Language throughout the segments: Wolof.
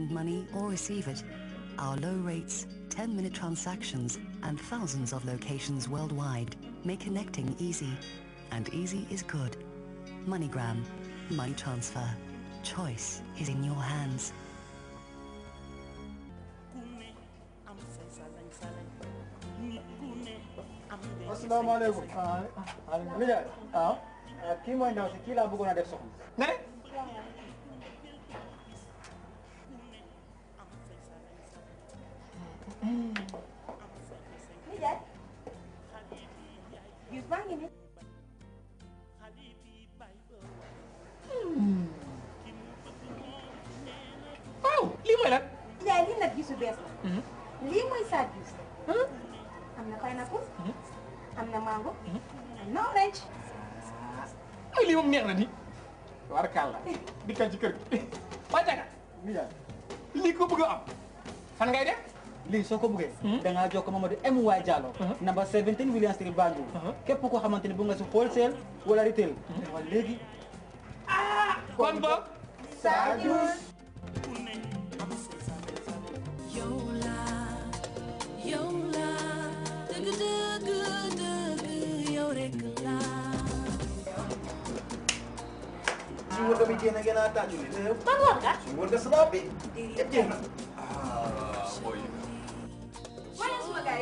money or receive it. Our low rates, 10-minute transactions, and thousands of locations worldwide make connecting easy. And easy is good. MoneyGram. Money transfer. Choice is in your hands. Assalamu alaikum. Milad, ha? Ki mo si ki la bëggoon Ne? angin ya hmm. oh lima lah. Ya, ini nak gisu bees la lii mooy saa juus am na pineapple am na mango am na orange ay lima moom neex na di warkalla dikkal ci kër gi waa jaga lii ko bëgg a am fan ngay def li soko buge hmm? da nga jokko mamadou eh, m y diallo hmm? number 17 william street bandu. Hmm? kep ko xamanteni bu nga ci wholesale wala retail wala legi ah kon bo sajus Semua kami kena kena tak juli. Mana kan? Semua dah sebab. Ibu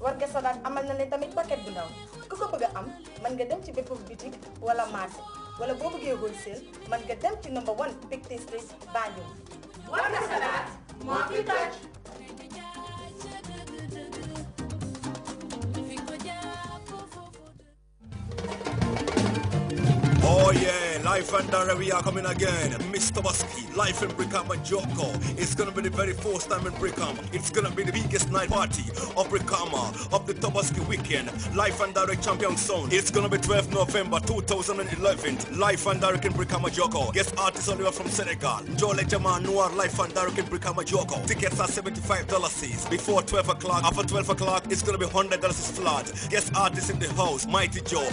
warga salaat amal na leen tamit paquet bu ndaw ku ko bëgg am mën nga dem ci bépp boutique wala marché wala boo bëggee mën nga dem ci number one Pictet Street Banjul warga salaat moo fi toj Life and Dara, we are coming again. Mr. Busky, life in Brickham and Joko. It's gonna be the very first time in Brickham. It's gonna be the biggest night party of Brickham, of the Tobaski weekend. Life and Direct Champion Sound. It's gonna be 12th November 2011. Life and Direct in Brickham and Joko. Guest artist only from Senegal. Jole Jama Noir, Life and Direct in Brickham and Joko. Tickets are $75 before 12 o'clock. After 12 o'clock, it's gonna be $100 flat. Guest artists in the house, Mighty Joe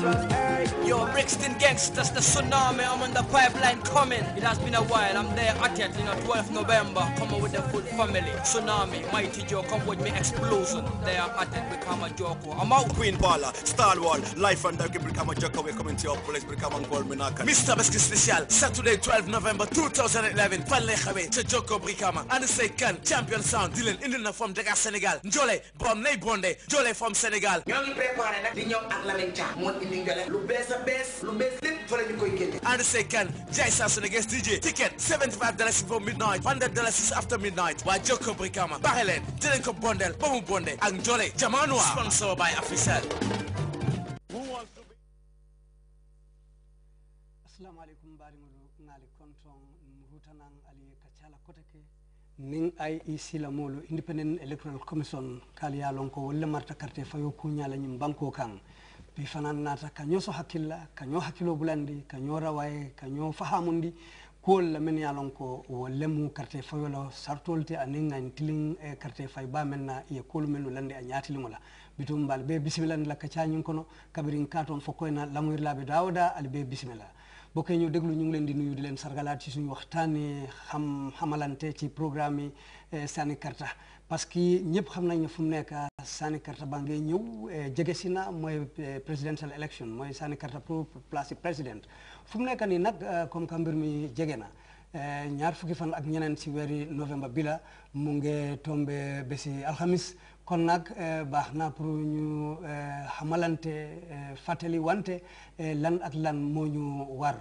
trust Yo, Brixton gangsters, the tsunami, I'm on the pipeline coming. It has been a while, I'm there at it, you know, 12th November, coming with the full family. Tsunami, Mighty Joe, come with me, explosion. There at it, become a joker. I'm out. Queen Bala, Stalwall, Life and Dirty, become a joker. we're coming to your place, become a gold menaka. Mr. Besky Special, Saturday, 12th November 2011, Palekhawe, Joko Brikama, the second Champion Sound, Dylan, Indian from Dakar, Senegal, Njole, Bromley Bronde, Jole from Senegal. Young people, the young Atlantic, bees a bees lu bees lépp fa ko bondel ba mu bonde ak njole jamaanwa sponsor by official assalamu aleykum mbaɗimoɗo ngaali konton hutanan aliye kaccala kotake nin iec lamolo independent electoral commission kaali yalon ko wolle marta carte fayo kuñalañin banko kan bi fanan naata kañoo so hakkilla kañoo hakkiloo bulandi kañoo rawaye kañoo fahamundi kuwol la men ye lon ko wo lemu karte fayo la sartol te anin an tilin karte fay ba men na ye kuwolu men lu landi a ñatilimo la bitum mbal be bisimilandi la kacañin kono kabirin katon fo koyna lamoyirlaɓe dawda ali bee bisimila bokkee ñoo déglu ñu ngi leen di nuyu di leen sargalaat ci suñu waxtaani xam xamalante ci programme e eh, sani karta parce que ñëpp xam nañ ne fu mu nekk sànni karta ba ngay ñëw eh, jege si na mooy eh, presidential election mooy sànni karta pour place président fu mu nekk nii nag eh, comme que mbir mi jege na ñaar fukki fan ak ñeneen si weeri novembre bi la mu ngi tombe ba si alxamis kon nag baax naa pour ñu xamalante fàttali wante lan ak lan moo ñu war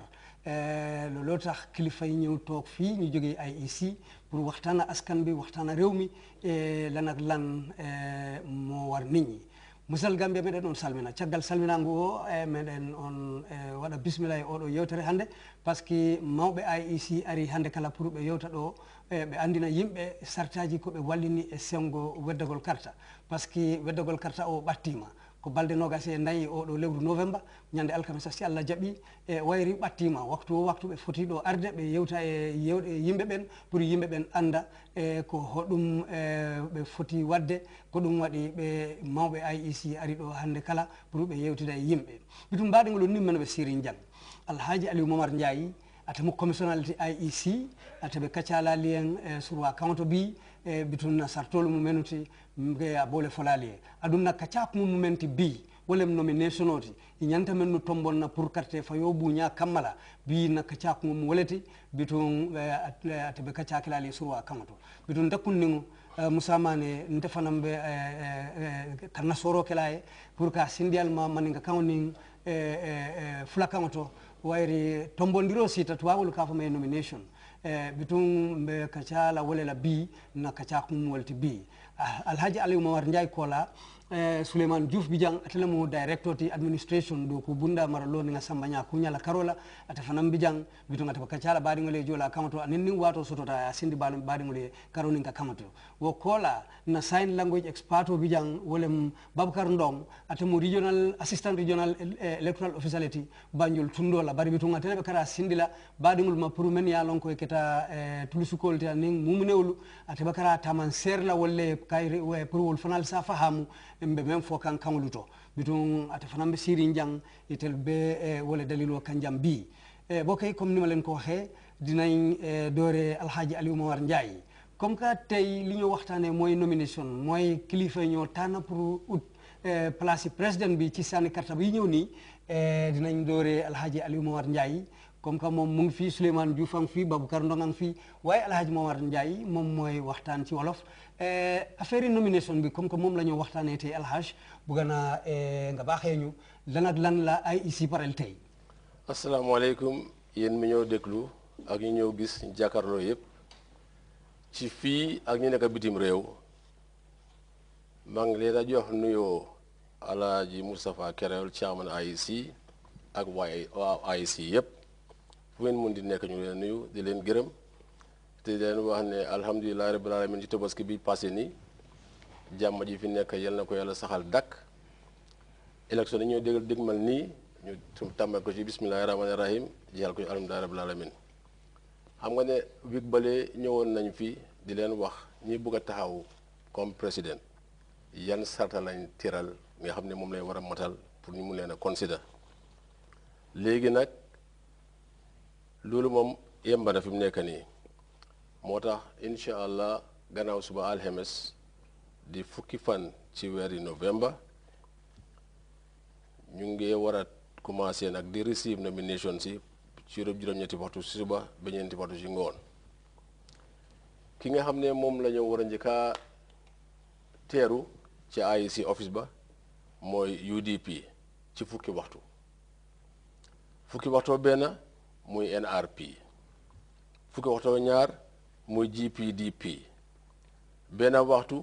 Eh, looloo tax kilifay ñëw toog fii ñu jógee ay ici e pour waxtaan a askan bi waxtaan a réew mi eh, lan ak lan eh, moo war nit ñi musal gambia meɗen on salmina caggal salminangu o meɗen on waɗa bismillahi oɗo yewtere hannde par ce que mawɓe aic e ari hannde kala pour ɓe yewta ɗo ɓe andina yimɓe sartaji ko ɓe wallini e sengo weddagol karta par ce que weddagol karta o ɓattima ko balde nogas e nayi oɗo lewru novembre ñande alkamisa si allah jaaɓi e wayri ɓattima waktu o waktu ɓe footi ɗo arde ɓe yewta e yewɗe yimɓe ɓen pour yimɓe ɓen anda e ko hoɗum e ɓe footi wadde ko ɗum waɗi ɓe mawɓe aic e ari ɗo hannde kala pour ɓe yewtida e yimɓe bitum mbaɗingol on nimmeno ɓe sirin dial alhaaji aliou momar ndiayi atamo commissionnalité aic e atoɓe kaccalali en e suroi counte bi Eh, bitum na sartolu mumenu ti mge a bole folali e aɗum nak kacakumu mumen ti bi wolem nomination oti i ñanta men no tombon na pour carte fa yo buña kammala bi na kacakumu mu woleti bitun eh, ataɓe eh, kacakilali surwa kaŋo to bitun dakkunniŋo Eh, musamane nte fanam be ka eh, eh, pour ka sindial ma maninka kaŋo niŋ fula kaŋo to wayri tombondiro sita tubabolu ka fama ma nomination bitun be kaca la wole la bi na kaca kumuwol ti bi ah, alhaji ali umar ndjay kola Eh, Suleiman Diouf bijang atele mo director ti administration do ko bunda maralo ni samba nya kunya la karola ata fanam bijang bitu ngata bakachala bari ngole jola kamato aninni wato sotota sindi bari ngole karoni ka kamato wo kola na sign language expert bijang wolem babkar ndom ata mo regional assistant regional eh, electoral officiality banjul tundola bari bitu ngata be kara sindila bari ngul mapuru men ya lonko keta eh, tulusukol ti anin mumnewlu ata bakara taman serla wolle kayre pour wol fanal sa fahamu mbe men fo kan kaŋolu to bitun ate fanaŋ be siirin jaŋ itel be eh, wo le daliloo kaŋ jaŋ bii eh, bo kay comme ni ma leen ko waxe dinañ eh, doore alhaaji aliou mawar ndiaye comme que tey li ñu waxtaane mooy nomination mooy kilifa ñoo tànn pour ut eh, place place president bi ci sànni karta bi ñëw nii dinañ doore alhaji aliou mawar ndiaye comme que moom mu ngi fii Souleymane Diouf a fii Babacar Ndong a fii waaye El Hadj Momar Ndiaye moom mooy waxtaan ci wolof eh, affaire yi nomination bi comme que moom la ñu waxtaanee tey El Hadj bëgg naa eh, nga baaxee ñu lan lan la ay isi parel tey. asalaamaaleykum yéen mi ñëw déglu ak ñu ñëw gis jàkkaarloo yëpp ci fii ak ñu nekk bitim réew maa ngi leen a jox nuyoo El Hadj Moustapha Kerel chairman AIC ak waa AIC yëpp. fu ngeen mun di nekk ñu leen nuyu di leen gërëm te di leen wax ne alhamdulilah rabbil alamin ci tabaski bi passé nii jàmm ji fi nekk yal na ko yàlla saxal dàkk élection yi ñoo dégal dégmal nii ñu tàmbal ko ci bismillahi rahmaani rahim jeexal ko ci alhamdulilah rabbil alamin xam nga ne wig balee ñëwoon nañ fi di leen wax ñi bëgg a taxaw comme président yan sarta lañ tiral nga xam ne moom lay war a matal pour ñu mun leen a consider léegi nag loolu moom yembana fi mu nekk nii moo tax incha allah ganaaw suba alhemes di fukki fan ci weer yi novembre ñu ngi war a commencé nag di receive nomination si ci rëb juróom-ñetti waxtu si suba ba ñeenti waxtu si ngoon ki nga xam ne moom la ñoo war a njëkk a teeru ci aic e office ba mooy udp ci fukki waxtu fukki waxtu benn muy NRP fukki waxtu ak ñaar muy GPDP benn waxtu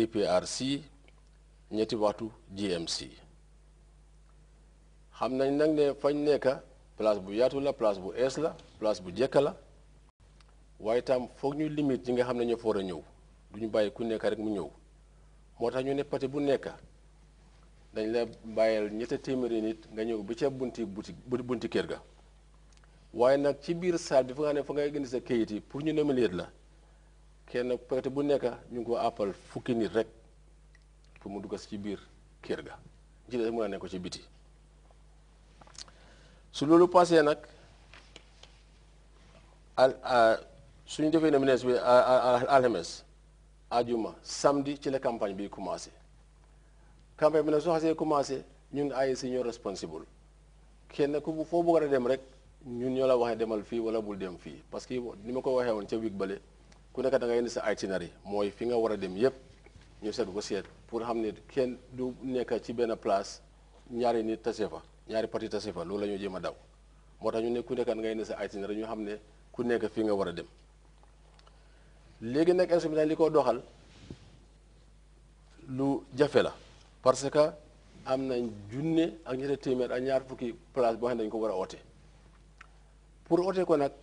APRC ñetti waxtu GMC xam nañ nag ne fañ nekka place bu yaatu la place bu ees la place bu jekka la waaye tam foog ñuy limite ñi nga xam ne ñoo foor a ñëw du ñu bàyyi ku nekk rek mu ñëw moo tax ñu ne pati bu nekk dañ la bàyyil ñetti téeméeri nit nga ñëw ba ca bunti buti bunti kër ga waaye nag ci biir salle bi fa nga ne fa ngay indi sa kayit yi pour ñu nominer la kenn peut bu nekk ñu ngi ko àppal fukki nit rek pour mu duggas ci biir kër ga ci des mën a nekk ci biti su loolu passé nag al suñu defee nomination bi alxames ajuma samdi ci la campagne bi commencé campagne bi nag soo xasee commencé ñun ay senior responsible kenn ku foo bëgg a dem rek ñun ñoo la waxee demal fii wala bul dem fii parce que ni ma ko waxee woon ca wig bale ku nekk da ngay indi sa itinéraire mooy fi nga war a dem yépp ñu seet ko seet pour xam ne kenn du nekk ci benn place ñaari nit tase fa ñaari parti tase fa loolu la ñu jéem a daw moo tax ñu ne ku nekk da ngay indi sa itinéraire ñu xam ne ku nekk fii nga war a dem léegi nag instrument li ko doxal lu jafe la parce que am nañ junne ak ñetti téeméer ak ñaar fukki place boo xam ne dañu ko war a oote pour ote ko nag